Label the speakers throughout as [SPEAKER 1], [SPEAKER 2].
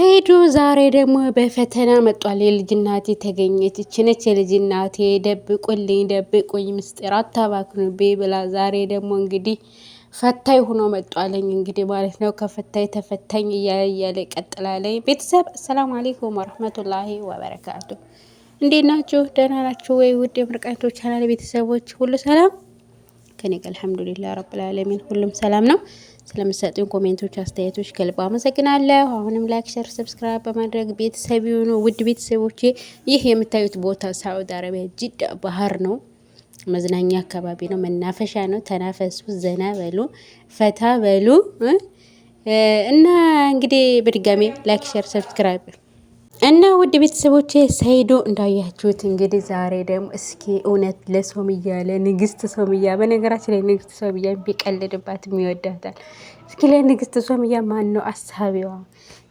[SPEAKER 1] ሄዱ ዛሬ ደግሞ በፈተና መጧል። የልጅ እናቴ ተገኘች። ችነች የልጅ እናቴ ደብቁልኝ፣ ደብቁኝ ምስጢር አታባክኑብኝ ብላ ዛሬ ደግሞ እንግዲህ ፈታኝ ሆኖ መጧለኝ እንግዲህ ማለት ነው። ከፈታኝ ተፈታኝ እያለ እያለ ይቀጥላለኝ። ቤተሰብ አሰላሙ አሌይኩም ወረህመቱላሂ ወበረካቱ። እንዴት ናችሁ? ደህና ናችሁ ወይ? ውድ የምርቃኝቶ ቻናል ቤተሰቦች ሁሉ ሰላም ከኔ ጋር አልሐምዱሊላህ ረብል ዓለሚን ሁሉም ሰላም ነው። ስለምሰጡኝ ኮሜንቶች፣ አስተያየቶች ከልባ አመሰግናለሁ። አሁንም ላይክ፣ ሸር፣ ሰብስክራይብ በማድረግ ቤተሰብ የሆኑ ውድ ቤተሰቦቼ ይህ የምታዩት ቦታ ሳዑዲ አረቢያ ጅዳ ባህር ነው። መዝናኛ አካባቢ ነው፣ መናፈሻ ነው። ተናፈሱ፣ ዘና በሉ፣ ፈታ በሉ እና እንግዲህ በድጋሜ ላይክ፣ ሸር፣ ሰብስክራይብ እና ውድ ቤተሰቦቼ ሰይዶ እንዳያችሁት እንግዲህ ዛሬ ደግሞ እስኪ እውነት ለሶምያ ለንግስት ሶምያ፣ በነገራችን ላይ ንግስት ሶምያ ቢቀልድባት ይወዳታል። እስኪ ለንግስት ሶምያ ማን ነው አሳቢዋ?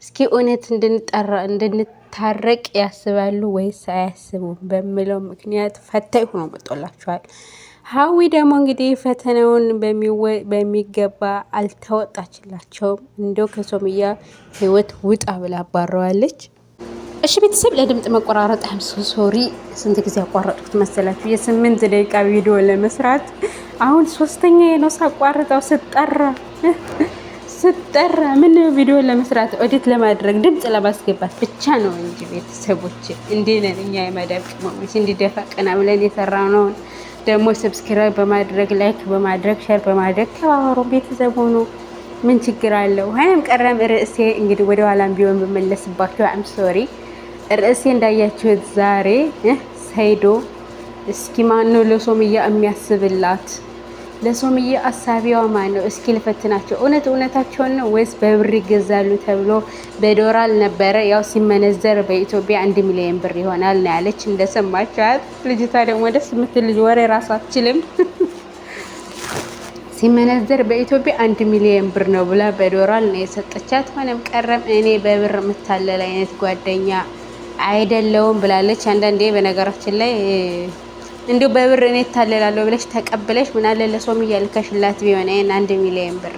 [SPEAKER 1] እስኪ እውነት እንድንጠራ እንድንታረቅ ያስባሉ ወይስ አያስቡም በሚለው ምክንያት ፈታኝ ሆኖ መጦላችኋል። ሀዊ ደግሞ እንግዲህ ፈተናውን በሚገባ አልተወጣችላቸውም። እንደው ከሶምያ ህይወት ውጣ ብላ አባረዋለች። እሺ ቤተሰብ ለድምፅ መቆራረጥ አምሶ ሶሪ። ስንት ጊዜ አቋረጥኩት መሰላችሁ? የስምንት ደቂቃ ቪዲዮ ለመስራት አሁን ሶስተኛ ነው ሳቋርጠው። ስጠራ ስጠራ ምን ቪዲዮ ለመስራት ኦዲት ለማድረግ ድምፅ ለማስገባት ብቻ ነው እንጂ ቤተሰቦች፣ እንዲህ ነን እኛ የማዳብ ቅመሞች። እንዲደፋ ቀና ብለን የሰራነውን ደግሞ ሰብስክራይብ በማድረግ ላይክ በማድረግ ሸር በማድረግ ተባበሩ ቤተሰብ ሆኖ ምን ችግር አለው? ሀይም ቀረም ርዕሴ እንግዲህ ወደ ወደኋላም ቢሆን በመለስባቸው አም ሶሪ ርዕሴ እንዳያችሁት ዛሬ ሰይዶ እስኪ ማን ነው ለሶምያ የሚያስብላት? ለሶምያ አሳቢዋ ማን ነው? እስኪ ልፈትናቸው። እውነት እውነታቸውን ነው ወይስ በብር ይገዛሉ ተብሎ በዶራል ነበረ። ያው ሲመነዘር በኢትዮጵያ አንድ ሚሊዮን ብር ይሆናል ነው ያለች፣ እንደሰማችኋት። ልጅቷ ደግሞ ደስ የምትል ልጅ ወሬ ራሱ አትችልም። ሲመነዘር በኢትዮጵያ አንድ ሚሊዮን ብር ነው ብላ በዶራል ነው የሰጠቻት። ሆነም ቀረም እኔ በብር የምታለል አይነት ጓደኛ አይደለውም ብላለች። አንዳንዴ በነገራችን ላይ እንዲሁ በብር እኔ እታለላለሁ ብለሽ ተቀብለሽ ምናለ ለሰውም እያልከሽላት ቢሆን ይሄን አንድ ሚሊዮን ብር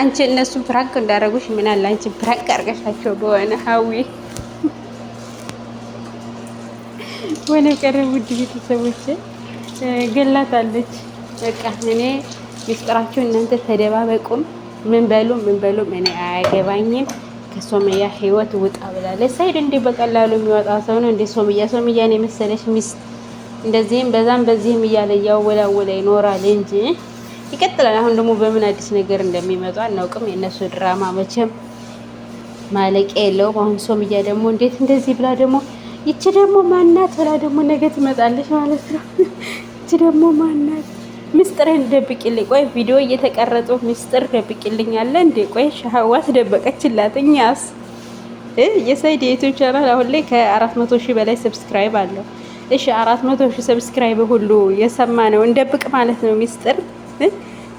[SPEAKER 1] አንቺ እነሱን ፕራንክ እንዳደረጉሽ ምናለ አንቺ ፕራንክ አርገሻቸው በሆነ ሀዊ ወነ ቀረ። ውድ ቤተሰቦች ገላታለች። በቃ እኔ ሚስጥራችሁ እናንተ ተደባበቁም ምን በሉም ምን በሉም እኔ አያገባኝም። ከሶምያ ህይወት ውጣ ብላለች። ሰይድ እንዲህ በቀላሉ የሚወጣ ሰው ነው እንዴ? ሶምያ ሶምያን የመሰለች ሚስት እንደዚህም በዛም በዚህም እያለ እያወላወለ ይኖራል እንጂ ይቀጥላል። አሁን ደግሞ በምን አዲስ ነገር እንደሚመጡ አናውቅም። የእነሱ ድራማ መቼም ማለቂያ የለውም። አሁን ሶምያ ደግሞ እንዴት እንደዚህ ብላ ደግሞ ይቺ ደግሞ ማናት ብላ ደግሞ ነገ ትመጣለች ማለት ነው። ይቺ ደግሞ ማናት ምስጢርህን ደብቂልኝ። ቆይ ቪዲዮ እየተቀረጹ ምስጢር ደብቂልኝ አለ እንዴ? ቆይ ሻህዋስ ደበቀችላት። እኛስ የሰይድ የዩቲዩብ ቻናል አሁን ላይ ከአራት መቶ ሺህ በላይ ሰብስክራይብ አለው። እሺ አራት መቶ ሺህ ሰብስክራይብ ሁሉ የሰማ ነው እንደብቅ ማለት ነው ሚስጥር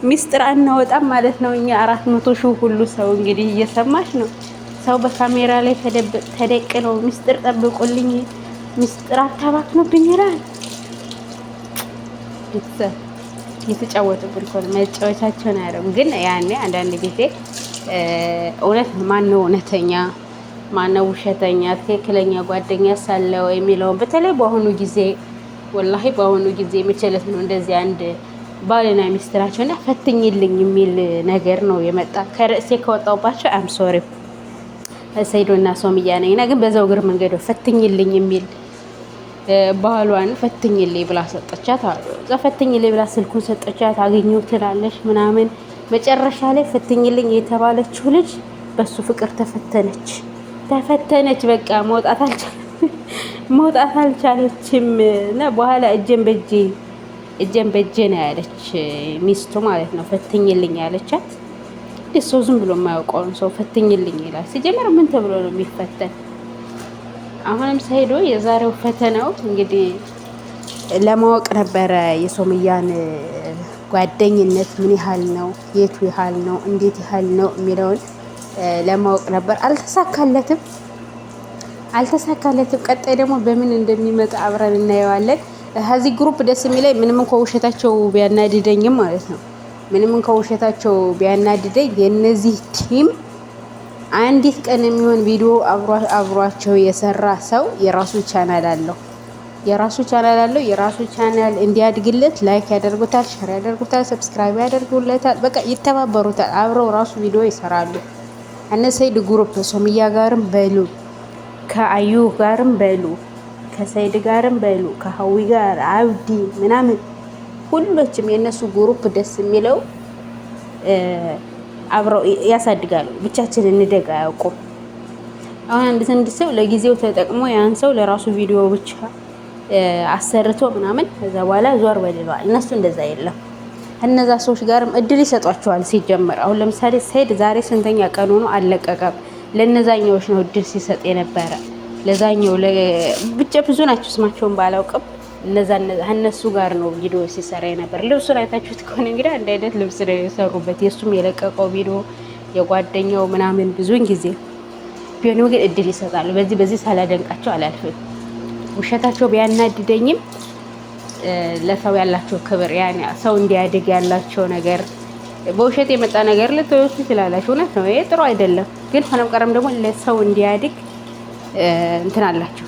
[SPEAKER 1] ሚስጥር አናወጣም ማለት ነው። እኛ አራት መቶ ሺህ ሁሉ ሰው እንግዲህ እየሰማች ነው። ሰው በካሜራ ላይ ተደቅ ነው ሚስጥር ጠብቁልኝ፣ ሚስጥር አታባክኑብኝ ይላል። የተጫወቱብን ከሆነ መጫወቻቸውን አያደርጉም። ግን ያኔ አንዳንድ ጊዜ እውነት ማነው እውነተኛ ማነው ውሸተኛ፣ ትክክለኛ ጓደኛ ሳለው የሚለውን በተለይ በአሁኑ ጊዜ ወላሂ በአሁኑ ጊዜ የምችለት ነው እንደዚህ አንድ ባልና ሚስት ናቸውና ፈትኝልኝ የሚል ነገር ነው የመጣ። ከርእሴ ከወጣውባቸው አም ሶሪ ሰይዶና ሶምያ ነኝና ግን በዛው እግር መንገዶ ፈትኝልኝ የሚል ባህሏን ፈትኝልኝ ብላ ሰጠቻት አሉ። እዛ ፈትኝልኝ ብላ ስልኩን ሰጠቻት። አገኘው ትላለች ምናምን። መጨረሻ ላይ ፈትኝልኝ የተባለችው ልጅ በሱ ፍቅር ተፈተነች ተፈተነች። በቃ መውጣት መውጣት አልቻለችም እና በኋላ እጀን በጄ እጀን በጄ ነው ያለች ሚስቱ ማለት ነው። ፈትኝልኝ ያለቻት ሰው ዝም ብሎ የማያውቀውን ሰው ፈትኝልኝ ይላል። ሲጀመር ምን ተብሎ ነው የሚፈተን? አሁንም ሰሄዶ የዛሬው ፈተናው እንግዲህ ለማወቅ ነበረ የሶምያን ጓደኝነት ምን ያህል ነው፣ የቱ ያህል ነው፣ እንዴት ያህል ነው የሚለውን ለማወቅ ነበር። አልተሳካለትም አልተሳካለትም። ቀጣይ ደግሞ በምን እንደሚመጣ አብረን እናየዋለን። ከዚህ ግሩፕ ደስ የሚለኝ ምንም እንኳ ውሸታቸው ቢያናድደኝም ማለት ነው ምንም እንኳ ውሸታቸው ቢያናድደኝ የእነዚህ ቲም አንዲት ቀን የሚሆን ቪዲዮ አብሯቸው የሰራ ሰው የራሱ ቻናል አለው። የራሱ ቻናል አለው። የራሱ ቻናል እንዲያድግለት ላይክ ያደርጉታል፣ ሼር ያደርጉታል፣ ሰብስክራይብ ያደርጉለታል። በቃ ይተባበሩታል። አብረው ራሱ ቪዲዮ ይሰራሉ። እነሰይድ ግሩፕ ሶምያ ጋርም በሉ ከአዩ ጋርም በሉ ከሰይድ ጋርም በሉ ከሀዊ ጋር አብዲ ምናምን ሁሎችም የእነሱ ግሩፕ ደስ የሚለው አብረው ያሳድጋሉ። ብቻችን እንደግ አያውቁም። አሁን አንድ ትንድ ሰው ለጊዜው ተጠቅሞ ያን ሰው ለራሱ ቪዲዮ ብቻ አሰርቶ ምናምን ከዛ በኋላ ዞር በልለዋል። እነሱ እንደዛ የለም። እነዛ ሰዎች ጋርም እድል ይሰጧቸዋል። ሲጀመር አሁን ለምሳሌ ሰይድ ዛሬ ስንተኛ ቀኑ ነው? አለቀቀም። ለነዛኛዎች ነው እድል ሲሰጥ የነበረ ለዛኛው ብቻ ብዙ ናቸው። ስማቸውን ባላውቅም እነሱ ጋር ነው ቪዲዮ ሲሰራ የነበር። ልብሱን አይታችሁት ከሆነ እንግዲህ አንድ አይነት ልብስ ነው የሰሩበት። የእሱም የለቀቀው ቪዲዮ የጓደኛው ምናምን ብዙን ጊዜ ቢሆንም ግን እድል ይሰጣሉ። በዚህ በዚህ ሳላደንቃቸው አላልፍም። ውሸታቸው ቢያናድደኝም ለሰው ያላቸው ክብር፣ ሰው እንዲያድግ ያላቸው ነገር በውሸት የመጣ ነገር ልትወሱ ይችላላችሁ። እውነት ነው፣ ይሄ ጥሩ አይደለም። ግን ሆነም ቀረም ደግሞ ለሰው እንዲያድግ እንትን አላቸው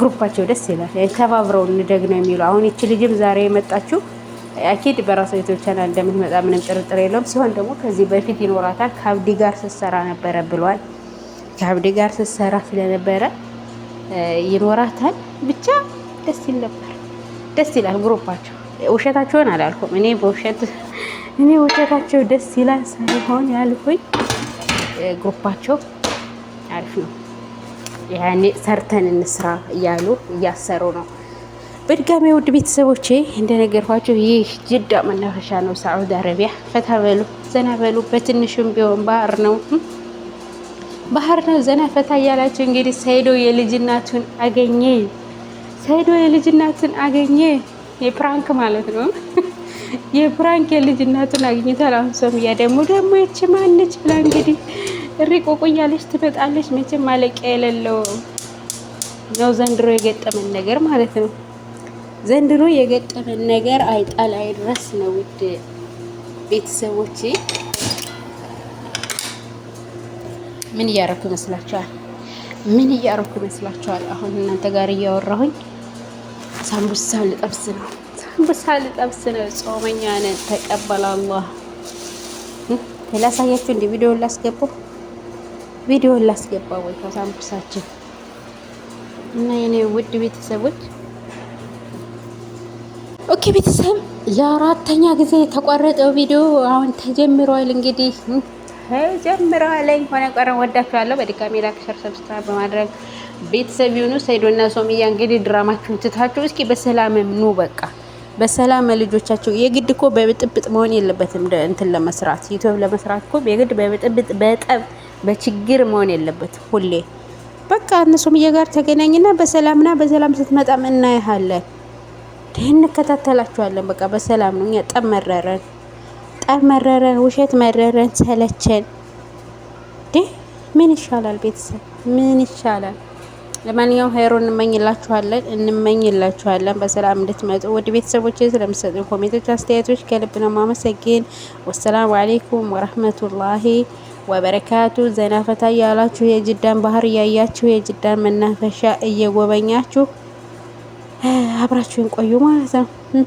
[SPEAKER 1] ግሩፓቸው ደስ ይላል። ተባብረው እንደግ ነው የሚሉ አሁን ይቺ ልጅም ዛሬ የመጣችው አኪድ በራሷ ዩቲዩብ ቻናል እንደምትመጣ ምንም ጥርጥር የለውም። ሲሆን ደግሞ ከዚህ በፊት ይኖራታል። ከአብዲ ጋር ስትሰራ ነበረ ብሏል። ከአብዲ ጋር ስትሰራ ስለነበረ ይኖራታል። ብቻ ደስ ይል ነበር። ደስ ይላል ግሩፓቸው። ውሸታቸውን አላልኩም እኔ በውሸት እኔ ውሸታቸው ደስ ይላል ሳይሆን ያልኩኝ ግሩፓቸው አሪፍ ነው። ያኔ ሰርተን እንስራ እያሉ እያሰሩ ነው። በድጋሚ ውድ ቤተሰቦቼ እንደነገርኳቸው ይህ ጅዳ መናፈሻ ነው፣ ሳዑዲ አረቢያ። ፈታ በሉ ዘና በሉ። በትንሹም ቢሆን ባህር ነው ባህር ነው። ዘና ፈታ እያላቸው እንግዲህ ሰይዶ የልጅናቱን አገኘ። ሰይዶ የልጅናቱን አገኘ። የፕራንክ ማለት ነው የፕራንክ የልጅናቱን አግኝቷል። አሁን ሶምያ ደግሞ ደግሞ ይች ማነች ብላ እንግዲህ ሪቆቁ እያለች ትመጣለች። መቼም ማለቂያ የሌለው ነው ዘንድሮ የገጠመን ነገር ማለት ነው። ዘንድሮ የገጠመን ነገር አይጣል አይድረስ ነው። ውድ ቤተሰቦቼ ምን እያረኩ ይመስላችኋል? ምን እያረኩ ይመስላችኋል? አሁን እናንተ ጋር እያወራሁኝ ሳምቡሳ ልጠብስ ነው። ሳምቡሳ ልጠብስ ነው። ጾመኛ ነን። ተቀበል አላህ። ሌላ ሳያችሁ እንደ ቪዲዮ ላስገባው ቪዲዮ ላስገባ ወይ ከሳምፕሳችን እና የኔ ውድ ቤተሰቦች ኦኬ ቤተሰብ የአራተኛ ጊዜ የተቋረጠው ቪዲዮ አሁን ተጀምሯል። እንግዲህ ተጀምረዋል። ሆነ ቀረ ወዳችኋለሁ። በድጋሚ ላይክ፣ ሸር፣ ሰብስክራይብ በማድረግ ቤተሰብ ይሁኑ። ሰይዶና ሶምያ እንግዲህ ድራማችሁን ትታችሁ እስኪ በሰላምም ኑ በቃ በሰላም ልጆቻቸው የግድ እኮ በብጥብጥ መሆን የለበትም። እንትን ለመስራት ዩቲዩብ ለመስራት እኮ የግድ በብጥብጥ በጠብ በችግር መሆን የለበትም ሁሌ በቃ እነ ሱምዬ ጋር ተገናኝና በሰላምና በሰላም ስትመጣም እናያሃለን። እንከታተላችኋለን። በቃ በሰላም ነው። እኛ ጠብ መረረን፣ ጠብ መረረን፣ ውሸት መረረን፣ ሰለቸን። ምን ይሻላል? ቤተሰብ ምን ይሻላል? ለማንኛውም ሀይሮ እንመኝላችኋለን እንመኝላችኋለን በሰላም እንድትመጡ። ወደ ቤተሰቦች ስለምሰጡ ኮሜንቶች፣ አስተያየቶች ከልብ ነው ማመሰግን። ወሰላሙ አሌይኩም ወረህመቱላሂ ወበረካቱ ዘናፈታ ፈታ እያላችሁ የጅዳን ባህር እያያችሁ የጅዳን መናፈሻ እየጎበኛችሁ አብራችሁን ቆዩ ማለት ነው።